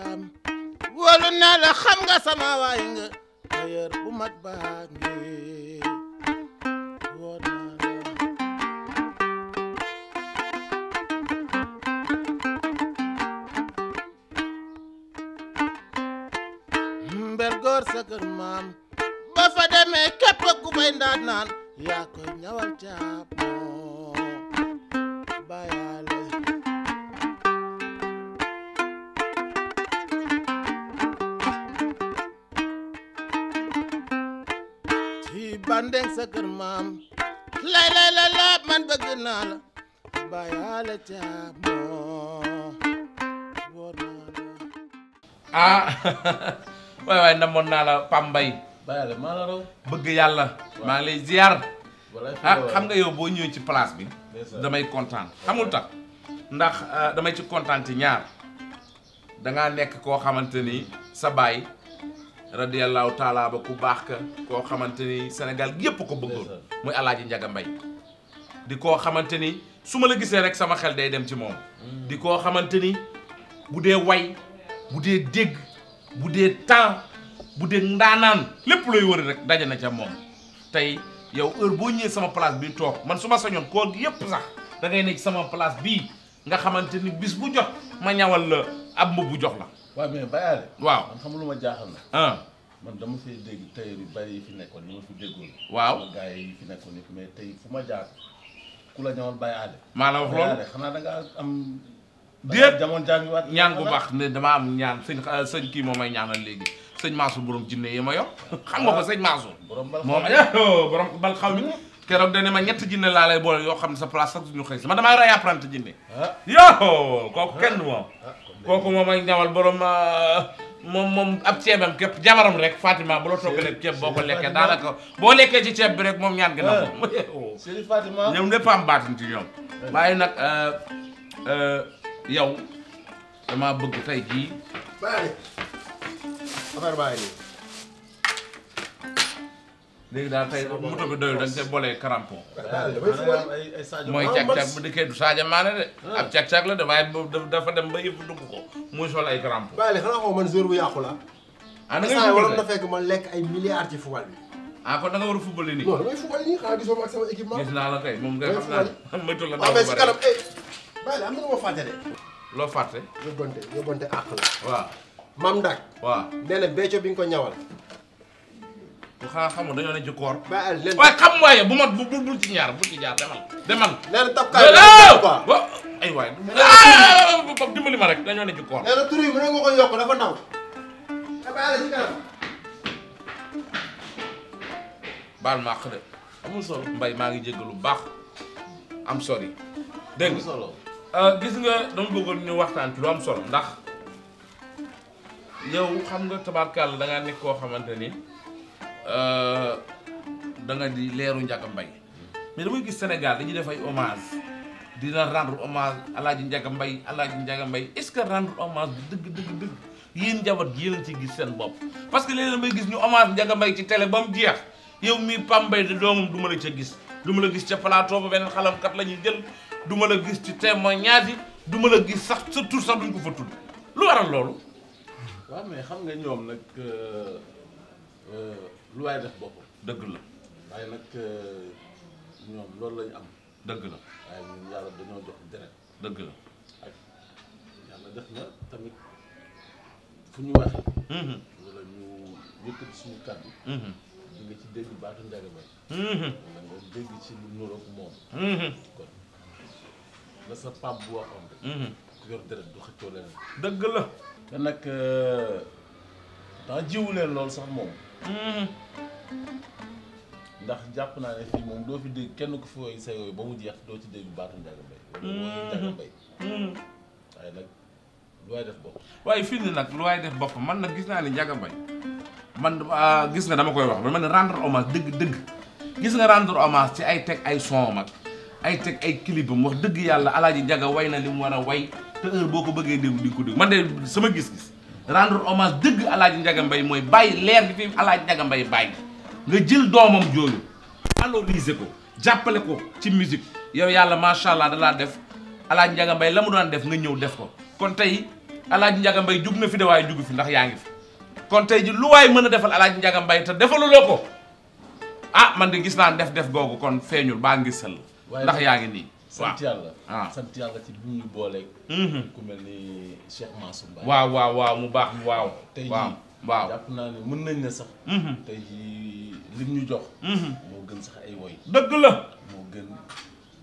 jaam wóolu naa la xam nga sama waay nga tailleur bu mat baa ngi wóor naa la mbel góor sa kër maam ba fa demee képp ku fay ndaan naan yaa koy ñawal caab bande sa kër maam lay lay lay la man bëgg naa la bayaala caamoo woor naa ah waay waay namoon na la Pambay bayaale maa la raw beug yalla ma lay ziar ah xam nga yow bo ñew ci place bi damay content xamul tax ndax ah, damay ci content ci ñaar da nga nek ko xamanteni sa baay radiyallahu taala ba ku baax ka koo xamante ni Sénégal yépp ko bëggoon muy alaaji Njaga Mbay di koo xamante ni su ma la gisee rek sama xel day dem ci moom mm. di koo xamante ni bu dee way bu dee dégg bu dee temps bu dee ndaanaan lépp looy wër rek daje na ca moom tey yow heure boo ñëwee sama place bi toog man su ma sañoon koor gi yépp sax da ngay nekk sama place bii nga xamante ni bis bu jot ma ñawal la ab mbubb bu jox la waaw mais bayaale. waaw man xam lu ma jaaxal na. Ah. man dama fay dégg tailleur yu bari yi fi nekkoon ñu ma fi déggoon. waaw sama gars yi fi nekkoon yëpp mais tey fu ma jaar ku la ñëwoon bayaale. maa la wax loolu bayaale xanaa da ngaa am. déet jamono jàngiwaat ñaan bu baax ne damaa am ñaan sëñ ah, sëñ kii moom may ñaanal léegi sëñ Mansour borom jinne yi ma yor xam nga ko ah. sëñ Mansour. borom bal moom borom bal xaw mi. keroog dañ ne ma ñetti jinne laa lay boole yoo xam ne sa place sa duñu xëy si man damay rey apprenti jinne. yoo kooku kenn moom. kooku moom ay ñawal borom euh, moom moom ab ceebam képp jabaram rek Fatima bu la toggalee ceeb boo ko lekkee daanaka boo lekkee ci ceeb bi rek moom ñaan gi na ko. Serigne Fatima ñoom lépp am baatin ci ñoom. Eh. waaye nag euh, euh, yow damaa bëgg tey jii. bàyyi léegi daal tey moto bi doyul da nga see boole crampon. mooy càq-càq bu dikkee du Sadio Mané de. Ah. ab càq-càq la de waaye dafa dem ba yëpp dugg ko muy sol ay crampon. waaye li xanaa xaw man joueur bu yàqu la. ah da ngay football waroon na ah, da nga war a football nii. nii xanaa gisoo ma sama équipement. naa la kay moom ngay xam naa moytu la. waaw mais si kanam eh. bàyyi loo fàtte yóbbante yóbbante àq la. waaw. Mame Ndak. waaw nee na bi nga ko ñawal xamoon dañoo ne ci koor. ba ah, lenn waaye xam waaye bu ma bu bul ci ñaar bul ci ñaar demal. demal lenn tafkaay la ay waay. Ah, ah, dimbali ma rek dañoo ne ci koor. lenn tur yi mën nga ko yokk dafa naw. te baal ci kanam. baal ma àq amul solo mbay maa ngi jéggalu baax am sori. dégg nga solo euh, gis nga dama bëggoon ñu waxtaan ci lu am solo ndax yow xam nga da ngaa nekk koo xamante ni. Euh, da di leeru Ndiaga Mbaye mais damay gis Sénégal dañuy def ay hommage dina rendre hommage Alaaji Ndiaga Mbaye Alaaji Ndiaga Mbaye est-ce que rendre hommage dëgg dëgg dëgg yéen njaboot gi yéen ci gis seen bopp parce que léeg-léeg may gis ñu hommage Ndiaga Mbaye ci télé ba mu jeex yow mii Pambay de doomam du ma la ca gis du ma la gis ca plateau ba beneen xalamkat la ñuy jël duma ma la gis ci témoignage yi du ma la gis sax sa tur sax duñ ko fa tudd lu waral loolu. waaw mais xam nga ñoom nag. Euh, euh, lu waaye def boppam. dëgg la. waaye nag euh, ñoom loolu lañu am. dëgg la waaye ñun yàlla dañoo jox deret. dëgg la ak yàlla def na tamit fu ñu waxee. Mm-hmm. wala ñu yëkkati suñu kàddu. Mm-hmm. di nga ci dégg baatu Ndiaga Mbaye. Mm-hmm. wala nga dégg ci lu nuroog moom. kon la sa pap bu waxoon rek. ku du xëccoo leneen. dëgg la. te nag euh, daa jiwu leen lool sax moom. Mm-hmm. ndax jàpp naa ne fii moom doo fi dégg kenn ku fi woy sa yooyu ba mu jeex doo ci dégg baatu Ndiaga Mbaye. Ndiaga mm-hmm. Mm-hmm. waaye nag lu waay def bopp. waaye fii nii nag lu waay def bopp man nag gis naa ne Ndiaga Mbaye man ah, gis nga dama koy wax man rendre hommage dëgg dëgg gis nga rendre hommage ci ay teg ay son mag ay teg ay mu wax dëgg yàlla Alaaji Ndiaga way na li mu war a way te heure boo ko bëggee déglu di nga ko déglu man de sama gis-gis. rendre hommage dëgg alaaji Ndiaga Mbaye mooy bàyyi leer bi fi alaaji Ndiaga Mbaye bàyyi nga jël doomam jooyu valoriser ko jàppale ko ci musique yow yàlla macha allah dalaa def alaaji Ndiaga Mbaye la mu daan def nga ñëw def ko kon tey alaaji Ndiaga Mbaye jug na fi de waaye jugu fi ndax yaa ngi fi kon tey ji lu waay mën a defal alaaj Ndiaga Mbaye te defaluloo ko ah man de gis naa def def googu kon feeñul baa ngi sël ndax yaa ngi nii santial yàlla ah sant yàlla ci bu ñu booleeg. Mhm. ku mel ni Cheikh Mansour Mbaye. waaw waaw waaw mu baax mi waaw. tey jii waaw naa ne mën nañ ne sax. Mhm. tey jii lim ñu jox. Mhm. moo gën sax ay woy. dëgg la moo gën.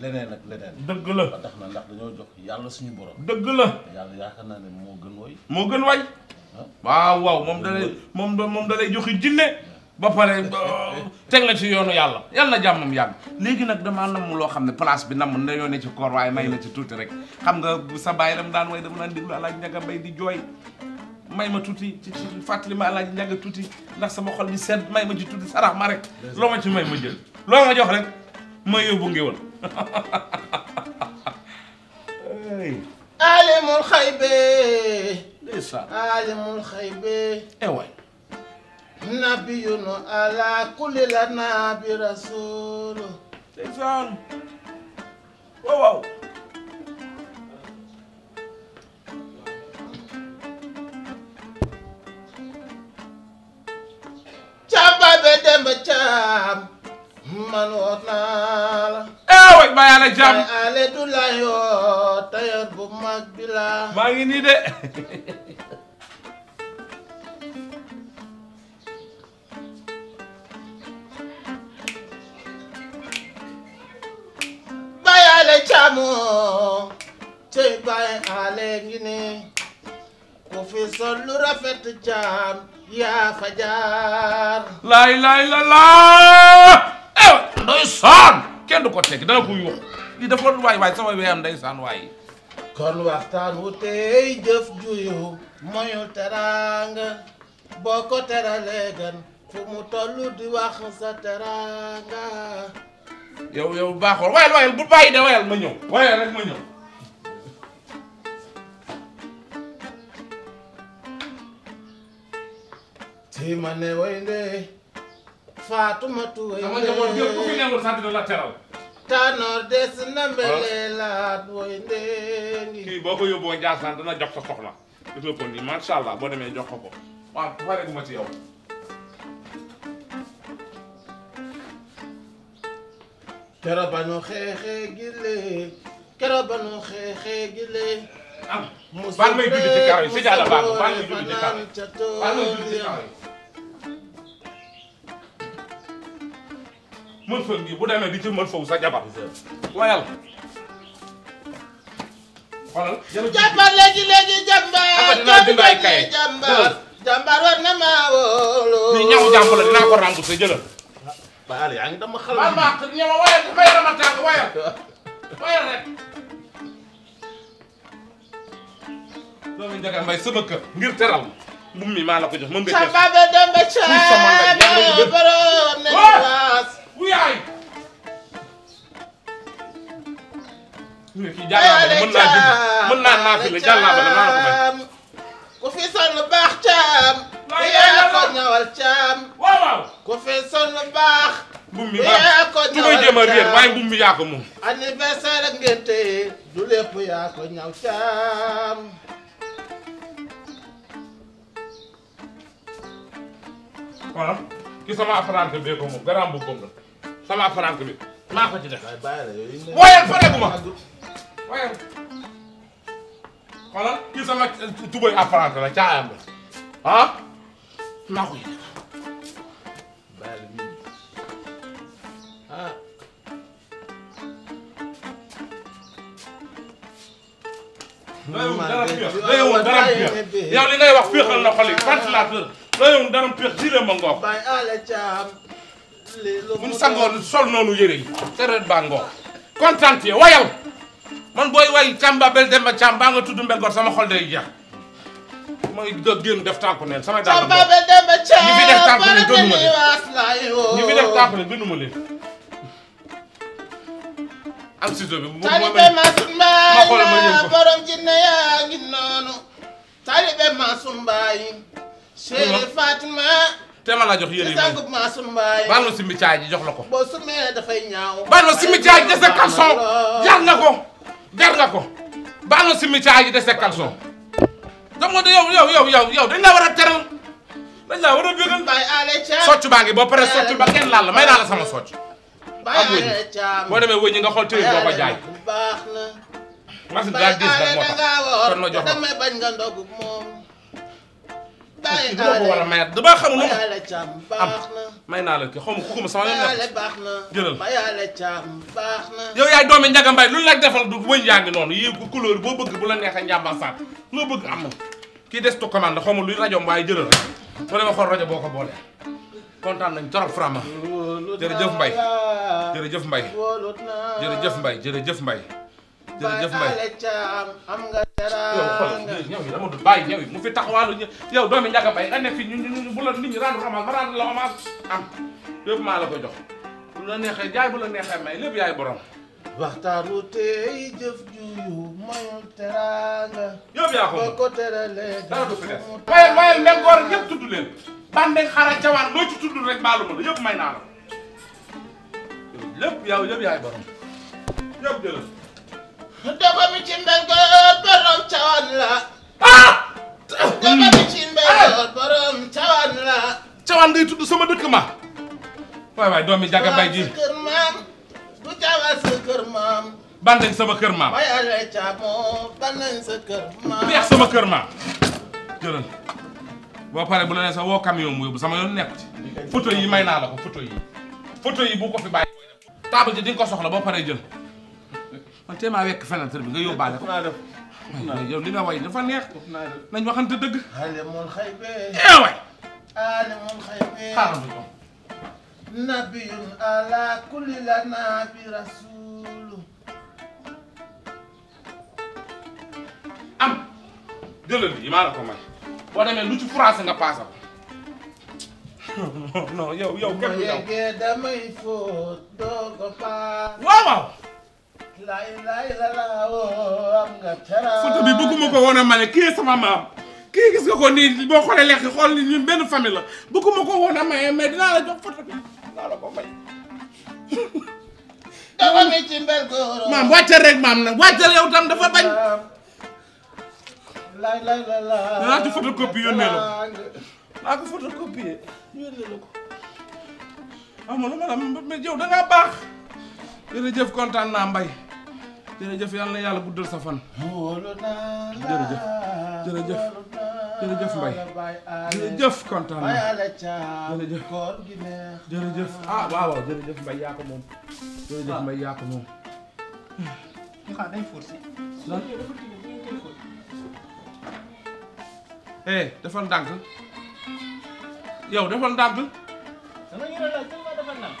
leneen ak leneen. dëgg la ba tax na ndax dañoo jox yàlla suñu borom. dëgg la yàlla yaakaar naa ne moo gën way. moo gën way. Ah. waaw waaw moom da moom da moom da lay joxi jinne ba pare teg la ci yoonu yàlla yàlla na jàmmam yàgg léegi nag damaa namm loo xam ne place bi namm na yoo ne ci koor waaye may na ci tuuti rek xam nga sa bàyyi lam daan way dama naan déglu alaaj njaga bay di jooy may ma tuuti ci ci fàttali ma alaaj njaga tuuti ndax sama xol bi sedd may ma ci tuuti sarax ma rek loo ma ci may ma jël loo ma jox rek may yóbbu ngéwal alimul xaybe alimul xaybe eh waay نبي على كل لنا برسول سيسان واو واو càmba be demba càm man woot naa la ee way ma ale du la tayoor bu mag bi la maa de ale caamoo cey baay ale ngi ne ku fi sol lu rafet caam yaa fa jaar laay laay la laa ew ndeysaan kenn du ko teg dana ko yuux li dafa waay waay sama weyam ndeysaan waay kon waxtaan wu tey jëf juyu moyu teraanga boo ko gan fu mu toll di wax sa teraanga yow yow baaxool wayal wayal bu bàyyi de wayal ma ñëw wayal rek ma ñëw si ma way nde Faatumatu way nde dama ñëw ku fi newul la teral tanoor des na ah. mbeleelaat way nde kii boo ko yóbboo Njaasaan dana jox sa soxla gis nga ko nii allah boo demee jox ko waaw pare gu ma ci keroog ba nu xeexee gile keroog ba nu xeexee gile. ah baal may julli ci kaw yi si jàll baax baal may julli ci kaw yi baal may julli ci kaw yi. mën fën gi bu demee di ci mën foofu sa jabar. wayal. xoolal jërëjëf jàmbaar léegi léegi jàmbaar. jàmbaar jàmbaar war na maa wóolu. ni ñaw jàmbaar la dinaa ko ràmbu sa jëlal. ba Aliou yaa ngi dama xaral. maa maa xam ne ma wayal dafay dama tàng wayal wayal rek. doomi Ndiaga Mbaye sama kër ngir teral mbubb mi maa la ko jox ne glace. wu yaay. ne kii jàllaa ba mën naa dund mën naa naafile ku fi sànn baax Thiam. yaa ko ñawal caam. waaw waaw. ku feesoon lu baax. mbuum mi yaa ko ñawal caam mu ngi jéem a réer waaye mbuum mi yaa ko moom. anniversaire ak ngénte du lépp yaa ko ñaw caam. voilà ki sama apparence bee ko moom garam bu bëgg sama apparence bi maa ko ci la la la ah. Marouille. Balmi. Ah. yow li ngay wax féexal na un yi Tu laa tër loolu yow dara féex jiile ma ngoox. buñ sangoon sol noonu yére yi. tereet baa Tu es wayal man booy way càmba bel demba càmba nga tudd mbégoor sama xol day jeex. mooy génn def tànku neen samay dàll ba ñu fi am ciseau bi ma xoolal ma ñëw ko borom jinne yaa ngi noonu taalibe Masumbaay Cheikh Fatima te ma laa jox yére yi baal ma simbi caay ji jox la ko boo sumee dafay ñaaw baal ma ji dese caleçon jar na ko jar na ko baal ma simbi caay ji dese caleçon dama nga yow yow yow yow yow dañ laa war a teral dañ laa war a bëggal. Baye Alé Thiam baa ngi boo paree socc ba kenn laal la may naa la sama socc. Baye Alé Thiam boo demee wëñ ñi nga xool tëri boo ko jaay. baax na. Baye Alé da ngaa woor damay bañ nga ndogu bàyyi aale war a mayaat damaa xamul lu ma am may naa la kii xaw ma ku ko ma sama yoon nekk jëlal yow yaay doomi Ndiaga Mbaye lu ñu la defal du wëñ yaa ngi noonu yii couleur boo bëgg bu la neexee njàmbaar saat loo bëgg am na kii des tu commande xaw ma luy rajo waaye jëlal rek ba dama xool rajo boo ko boole kontaan nañ trop Frama jërëjëf Mbaye jërëjëf Mbaye jërëjëf Mbaye jërëjëf Mbaye jërëjëf Mbaye am nga teraanga yow yow Amadou Baye yow mu fi taxawaalu ñu yow doomi Ndiaga Mbaye nga ne fi ñu ñu bu la nit ñi rendre hommage ma rendre la hommage am lépp maa la ko jox bu la neexee jaay bu la neexee may lépp yaay borom. waxtaanu tey jëf ju mayul teraanga. yóbbu yaa ko moom boo ko teralee. dara du fi des waaye waaye Mbengor ñëpp tudd leen. Bande xaaral jawaan loo ci tudd rek baalu ma la yëpp may naa la lépp yow yëpp yaay borom yëpp jëlal. dafa mi ci ah! mi ci mbel ah! góor borom cawan la. cawan day tudd sama dëkk ma. waay waay doomi jaga bay ji bu cawa sa kër maam. ban nañ sama kër maam. waaye allay caamoo ban nañ kër maam. neex sama kër maam. jërël boo paree bu la sama yoon nekk ci. yi may naa la ko photo yi. photo yi bu ko fi bàyyi. table ji di nga ko soxla boo paree jël. man tey maa wekk fenêtre bi nga yóbbaale ko. yow li nga way dafa neex. nañ waxante dëgg. ale moon xay bee. eeway. Eh, ale moon xay bee. xaaral ko. nabiyun ala kulli la nabi rasulu. am. jëlal bi maa la ko may. boo demee lu ci français nga paasa ko. non yow yow. képp ku daw ma yeggee damay fóot doo ko paas. waaw waaw. photo bi ko woon a kii sama maam kii gis nga ko nii boo xoolee lekk xool ni ñun benn famille la bëgguma ko woon a maye mais la jox photo bi dinaa ko may. dafa mi maam wàccal rek maam nag wàccal yow tam dafa bañ. laay laay la la naa ci photocopie yónnee la naa ko photocopie yónnee naa Mbaye jërëjëf yàlla na yàlla guddal sa fan. jërëjëf jërëjëf jërëjëf Mbaye jërëjëf kontaan na jërëjëf jërëjëf ah waaw waaw jërëjëf Mbaye yaa ko moom. jërëjëf ah. Mbaye yaa ko moom. eh defal ndànk yow defal ndànk. dama ñu la laaj dama defal ndànk.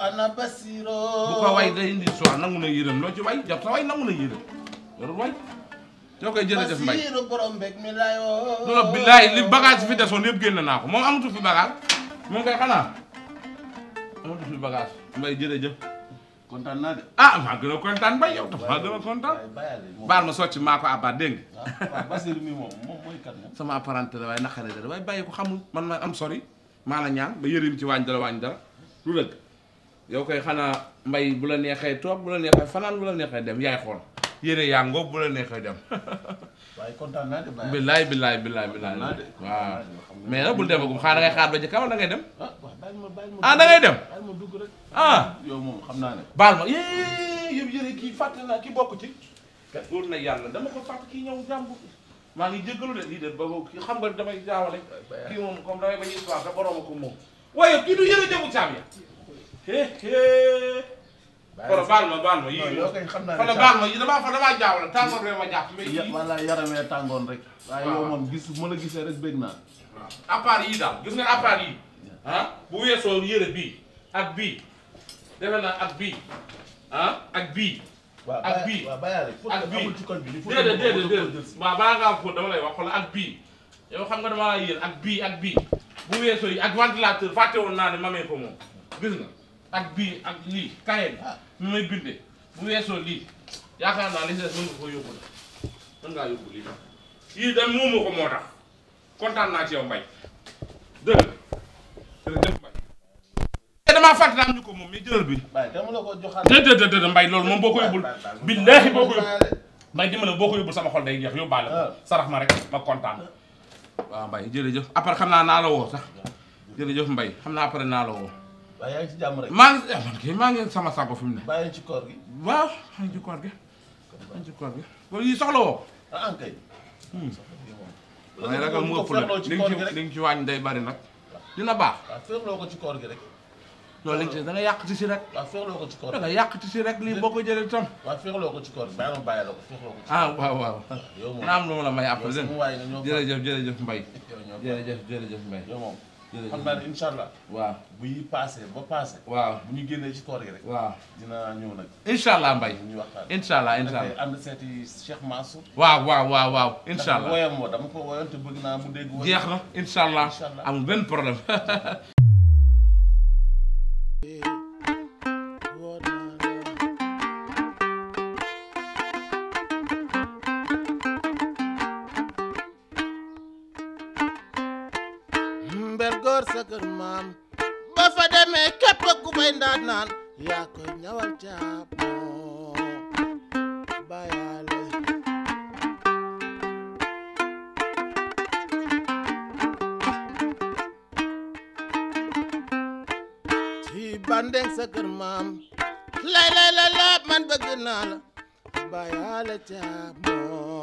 ana basiro bu ko way day indi soo nangu na yërëm loo ci way jàpp sa way nangu na yërëm warul way soo koy jërëjëf mbay basiru borom mbég mi layoo non non billaay li bagage fi desoon yëpp génn naa ko moom amatu fi bagage moom kay xanaa amatu fi bagage mbay jërëjëf kontaan naa de ah maa gën a kontaan mbay yow dafa maa gën a kontaan baal ma socc maa ko abbaat dégg nga ah, basiru mi moom moom mooy kat moom sama apparenté la waaye naqare la waaye bàyyi ko xamul man ma am sori maa la ñaan ba yërim ci waañ dara waañ dara lu dëgg yow koy xanaa mbay bu la neexee toog bu la neexee fanaan bu la neexee dem yaay xool yére yaa ngoog bu la neexee dem. waaye kontaan naa de bàyyi. billaay billaay billaay billaay mais nag bul demagum ba kaw da ngay dem. ah ah da ngay dem. ah yow moom xam naa ne. baal ma yéen yëpp yére kii fàtte naa ki bokk ci. kat wóor na yàlla dama ko fàtte kii ñëw jàmbu. maa ngi jéggalu de lii de ba xam nga damay jaawale. kii moom comme damay bañ a histoire te borom ko moom. waaye kii du yére jëmu caam ya Koro baal ma baal ma yii yow xam naa ma yii damaa fa damaa jaawale tàngoor bee ma jàpp mais yii wala yaramee tàngoon rek waaye gis ma naa à yii daal gis nga à yii ah, bu weesoo yére bii ak bii defe naa ak bii ah ak bii ak ak bii déedéet déedéet déedéet waaw ak bii ak bii bu weesoo yi ak ventilateur fàtte woon naa ne mamee ko moom gis ak bi ak li kayen bi may bindé bu weesoo li yaakaar naa li si des mën nga koo yóbbu la mën ngaa yóbbu lii yii dem moomu ko moo tax kontaan naa ci yow Mbaye dëgg jërëjëf Mbaye te eh, damaa fàtte naa am bi ko moom mais jëlal bi déedéet déedéet Mbaye loolu moom boo ko yóbbul billaahi boo ko yóbbul Mbaye dimbale boo sama xol day jeex yóbbaale ko sarax ma rek ma kontaan waaw Mbaye jërëjëf après xam naa naa la woo sax jërëjëf Mbaye xam naa après naa la woo waaye ci jàmm rek. maa ngi maa ngi sama saako fi mu ne. bàyyi ci koor gi. waaw maa ngi ci koor gi. ko ngi ci koor yii soxla woo. ah an kay. damay hmm. ragal mu ëpp la li nga ci li nga ci wàññi day bari nag. dina baax. waaw ah, féerloo ko ci koor gi rek. loolu lañ ci da nga yàq si rek. waaw ah, féerloo ko ci koor gi si rek lii boo ko jëlee tam. waaw ah, féerloo ko ci ma bàyyi la ko féerloo ko ci. ah waaw waaw. yow moom am lu ma la may après. yow su ma waay nga ñoo jërëjëf jërëjëf Mbaye. jërëjëf jërëjëf Mbaye. yow xam naa allah. waaw bu yi paasee ba waaw ñu génnee ci koor gi waaw dinaa ñëw nag. incha allah mbay ñu waxtaan incha allah incha allah ànd seeti benn problème. door sa kër maam ba fa demee képp ku fay ndaan naan yaa koy ñawal caaboo bayaale ci bandeng sa kër maam lay lay lay man bëgg naa la bayaale caaboo